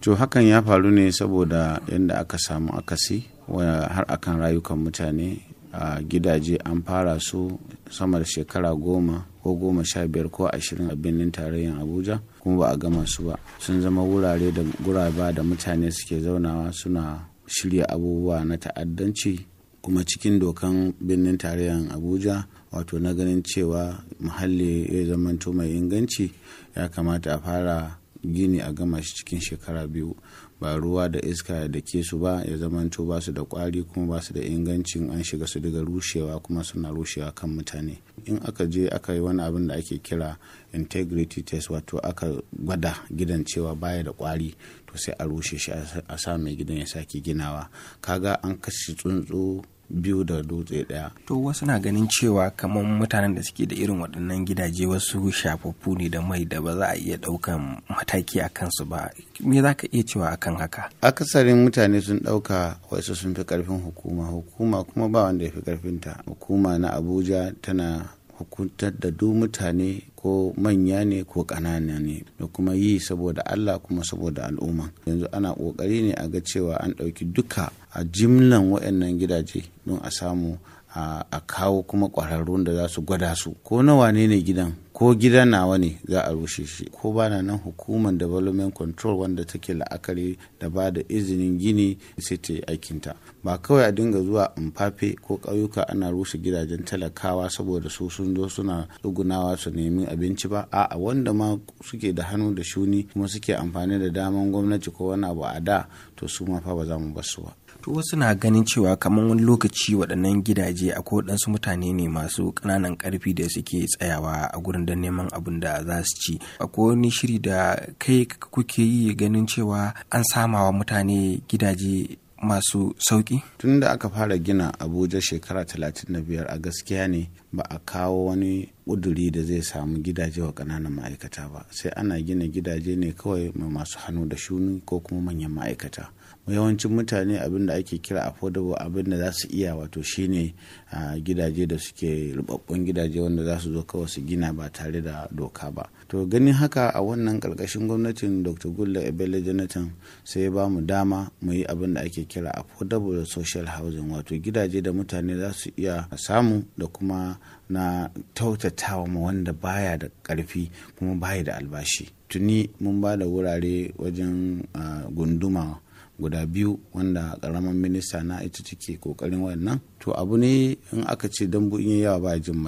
to hakan ya faru ne saboda yadda aka samu akasi har akan rayukan mutane a gidaje an fara su sama da shekara goma ko goma sha biyar ko ashirin a birnin tarayyar abuja kuma ba a gama su ba sun zama wurare da guraba da mutane suke zaunawa suna shirya abubuwa na ta'addanci kuma cikin dokan birnin tarayyar abuja wato na ganin cewa muhalli ya zamanto mai inganci ya kamata a fara gini a gama shi cikin shekara biyu ba ruwa da iska da ke su ba ya zamanto ba su da kwari kuma ba su da ingancin an shiga su daga rushewa kuma suna rushewa kan mutane in aka je aka yi wani abin da ake kira integrity test wato aka gwada gidan cewa baya da kwari to sai a rushe shi a sa mai gidan ya sake ginawa kaga an kashe tsuntsu biyu da dutse ɗaya. To wasu na ganin cewa kamar mutanen da suke da irin waɗannan gidaje wasu shafaffu ne da mai da ba za a iya ɗaukan mataki a kansu ba. Me za ka iya cewa akan haka? Akasarin mutane sun ɗauka wasu sun fi ƙarfin hukuma. Hukuma kuma ba wanda ya fi ƙarfinta. Hukuma na Abuja tana hukuntar da duk mutane ko manya ne ko ƙanana ne da kuma yi saboda Allah kuma saboda al'umma yanzu ana ƙoƙari ne a ga cewa an ɗauki duka a jimlan waɗannan gidaje don a samu a kawo kuma ƙwararrun da za su gwada su ko na wane ne gidan ko gidan nawa ne za a rushe shi ko ba na nan hukumar development control wanda take la'akari da ba da izinin gini sai ta yi aikinta ba kawai a dinga zuwa amfafe ko ƙauyuka ana rushe gidajen talakawa saboda su sun zo suna tsugunawa su nemi abinci ba a'a wanda ma suke da hannu da shuni kuma suke amfani da daman gwamnati ko wani abu a da to su ma fa ba za mu basu ba to wasu na ganin cewa kamar wani lokaci waɗannan gidaje a waɗansu mutane ne masu ƙananan ƙarfi da suke tsayawa a gurin don neman abin da za su ci akwai wani shiri da kai kuke yi ganin cewa an samawa mutane gidaje masu sauƙi? tun da aka fara gina abuja shekara 35 a gaskiya ne ba a kawo wani ƙuduri da zai samu gidaje wa ƙananan ma'aikata ba sai ana gina gidaje ne kawai mai masu hannu da shuni ko kuma manyan ma'aikata yawancin mutane abin da ake kira affordable abin da za su iya wato shine gidaje da suke rubabbun gidaje wanda za su zo kawai su gina ba tare da doka ba to ganin haka a wannan karkashin gwamnatin dr gulla ebele jonathan sai ba mu dama mu yi abin da ake kira da social housing wato gidaje da mutane za su iya samu da kuma na tautatawa ma wanda baya da ƙarfi kuma baya da albashi tuni mun ba da wurare wajen gunduma guda biyu wanda ƙaramin minista na ita take ƙoƙarin wannan to abu ne in aka ce dambu in yawa ba jin